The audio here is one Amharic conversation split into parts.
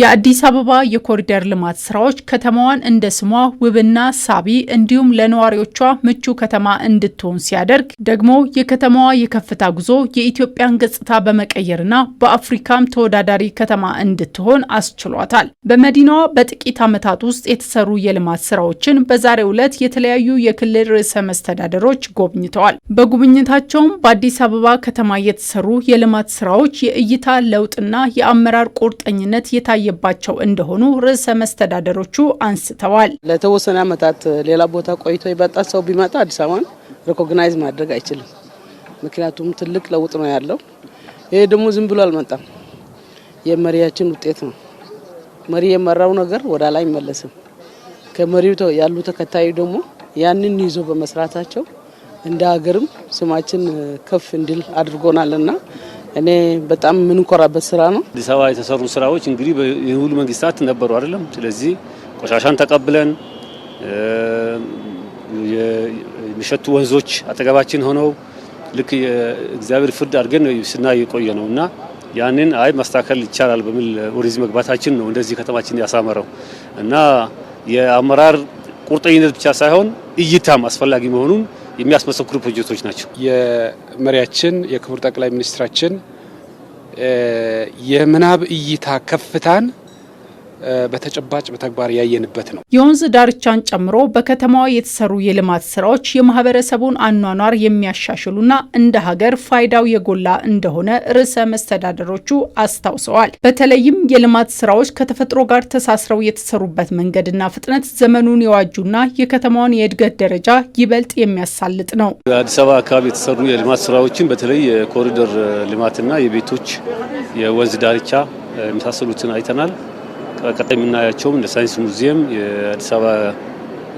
የአዲስ አበባ የኮሪደር ልማት ስራዎች ከተማዋን እንደ ስሟ ውብና ሳቢ እንዲሁም ለነዋሪዎቿ ምቹ ከተማ እንድትሆን ሲያደርግ ደግሞ የከተማዋ የከፍታ ጉዞ የኢትዮጵያን ገጽታ በመቀየርና በአፍሪካም ተወዳዳሪ ከተማ እንድትሆን አስችሏታል። በመዲናዋ በጥቂት ዓመታት ውስጥ የተሰሩ የልማት ስራዎችን በዛሬው ዕለት የተለያዩ የክልል ርዕሰ መስተዳደሮች ጎብኝተዋል። በጉብኝታቸውም በአዲስ አበባ ከተማ የተሰሩ የልማት ስራዎች የእይታ ለውጥና የአመራር ቁርጠኝነት የታ የታየባቸው እንደሆኑ ርዕሰ መስተዳደሮቹ አንስተዋል። ለተወሰነ ዓመታት ሌላ ቦታ ቆይቶ የመጣ ሰው ቢመጣ አዲስ አበባን ሪኮግናይዝ ማድረግ አይችልም። ምክንያቱም ትልቅ ለውጥ ነው ያለው። ይሄ ደግሞ ዝም ብሎ አልመጣም፣ የመሪያችን ውጤት ነው። መሪ የመራው ነገር ወደ ላይ አይመለስም። ከመሪው ያሉ ተከታዩ ደግሞ ያንን ይዞ በመስራታቸው እንደ ሀገርም ስማችን ከፍ እንዲል አድርጎናልና እኔ በጣም የምንኮራበት ስራ ነው። አዲስ አበባ የተሰሩ ስራዎች እንግዲህ የሁሉ መንግስታት ነበሩ አይደለም። ስለዚህ ቆሻሻን ተቀብለን የሚሸቱ ወንዞች አጠገባችን ሆነው ልክ የእግዚአብሔር ፍርድ አድርገን ስና የቆየ ነው እና ያንን አይ ማስተካከል ይቻላል በሚል ወደዚህ መግባታችን ነው እንደዚህ ከተማችን ያሳመረው እና የአመራር ቁርጠኝነት ብቻ ሳይሆን እይታም አስፈላጊ መሆኑን የሚያስመሰክሩ ፕሮጀክቶች ናቸው። የመሪያችን የክቡር ጠቅላይ ሚኒስትራችን የምናብ እይታ ከፍታን በተጨባጭ በተግባር ያየንበት ነው። የወንዝ ዳርቻን ጨምሮ በከተማዋ የተሰሩ የልማት ስራዎች የማህበረሰቡን አኗኗር የሚያሻሽሉና እንደ ሀገር ፋይዳው የጎላ እንደሆነ ርዕሰ መስተዳደሮቹ አስታውሰዋል። በተለይም የልማት ስራዎች ከተፈጥሮ ጋር ተሳስረው የተሰሩበት መንገድና ፍጥነት ዘመኑን የዋጁና የከተማውን የእድገት ደረጃ ይበልጥ የሚያሳልጥ ነው። አዲስ አበባ አካባቢ የተሰሩ የልማት ስራዎችን በተለይ የኮሪደር ልማትና የቤቶች የወንዝ ዳርቻ የመሳሰሉትን አይተናል። ቀጣይ የምናያቸውም እንደ ሳይንስ ሙዚየም፣ የአዲስ አበባ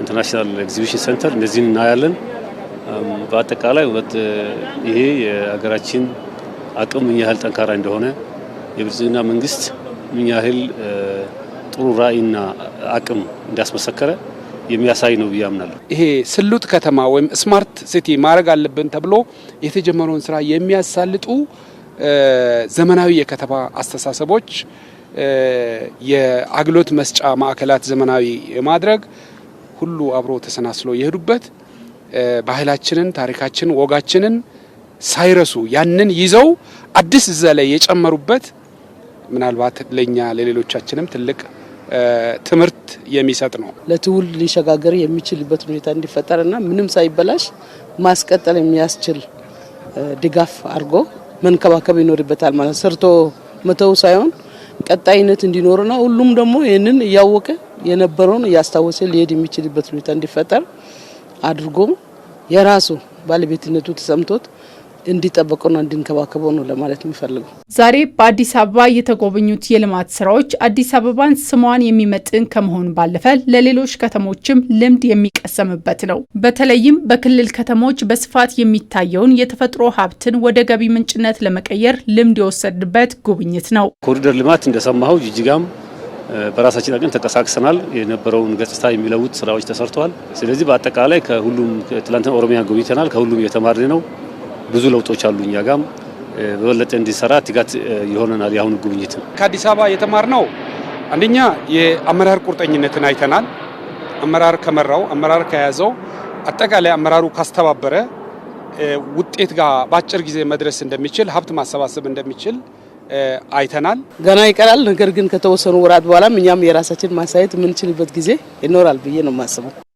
ኢንተርናሽናል ኤግዚቢሽን ሴንተር እነዚህን እናያለን። በአጠቃላይ ይሄ የሀገራችን አቅም ምን ያህል ጠንካራ እንደሆነ የብልጽግና መንግስት ምን ያህል ጥሩ ራዕይና አቅም እንዳስመሰከረ የሚያሳይ ነው ብዬ አምናለሁ። ይሄ ስሉጥ ከተማ ወይም ስማርት ሲቲ ማድረግ አለብን ተብሎ የተጀመረውን ስራ የሚያሳልጡ ዘመናዊ የከተማ አስተሳሰቦች የአግሎት መስጫ ማዕከላት ዘመናዊ ማድረግ ሁሉ አብሮ ተሰናስሎ የሄዱበት ባህላችንን፣ ታሪካችንን፣ ወጋችንን ሳይረሱ ያንን ይዘው አዲስ እዛ ላይ የጨመሩበት ምናልባት ለእኛ ለሌሎቻችንም ትልቅ ትምህርት የሚሰጥ ነው። ለትውልድ ሊሸጋገር የሚችልበት ሁኔታ እንዲፈጠርና ምንም ሳይበላሽ ማስቀጠል የሚያስችል ድጋፍ አድርጎ መንከባከብ ይኖርበታል ማለት ሰርቶ መተው ሳይሆን ቀጣይነት እንዲኖርና ሁሉም ደግሞ ይህንን እያወቀ የነበረውን እያስታወሰ ሊሄድ የሚችልበት ሁኔታ እንዲፈጠር አድርጎ የራሱ ባለቤትነቱ ተሰምቶት እንዲጠበቁና እንዲንከባከቡ ነው ለማለት የሚፈልገው። ዛሬ በአዲስ አበባ የተጎበኙት የልማት ስራዎች አዲስ አበባን ስሟን የሚመጥን ከመሆን ባለፈ ለሌሎች ከተሞችም ልምድ የሚቀሰምበት ነው። በተለይም በክልል ከተሞች በስፋት የሚታየውን የተፈጥሮ ሀብትን ወደ ገቢ ምንጭነት ለመቀየር ልምድ የወሰድበት ጉብኝት ነው። ኮሪደር ልማት እንደሰማኸው ጅጅጋም በራሳችን አቅም ተንቀሳቅሰናል። የነበረውን ገጽታ የሚለውጥ ስራዎች ተሰርተዋል። ስለዚህ በአጠቃላይ ከሁሉም ትላንትና ኦሮሚያ ጎብኝተናል። ከሁሉም እየተማርን ነው። ብዙ ለውጦች አሉ እኛ ጋም በበለጠ እንዲሰራ ትጋት ይሆነናል። የአሁኑ ጉብኝት ከአዲስ አበባ የተማርነው አንደኛ የአመራር ቁርጠኝነትን አይተናል። አመራር ከመራው አመራር ከያዘው አጠቃላይ አመራሩ ካስተባበረ ውጤት ጋር በአጭር ጊዜ መድረስ እንደሚችል ሀብት ማሰባሰብ እንደሚችል አይተናል። ገና ይቀራል። ነገር ግን ከተወሰኑ ወራት በኋላም እኛም የራሳችን ማሳየት የምንችልበት ጊዜ ይኖራል ብዬ ነው የማስበው።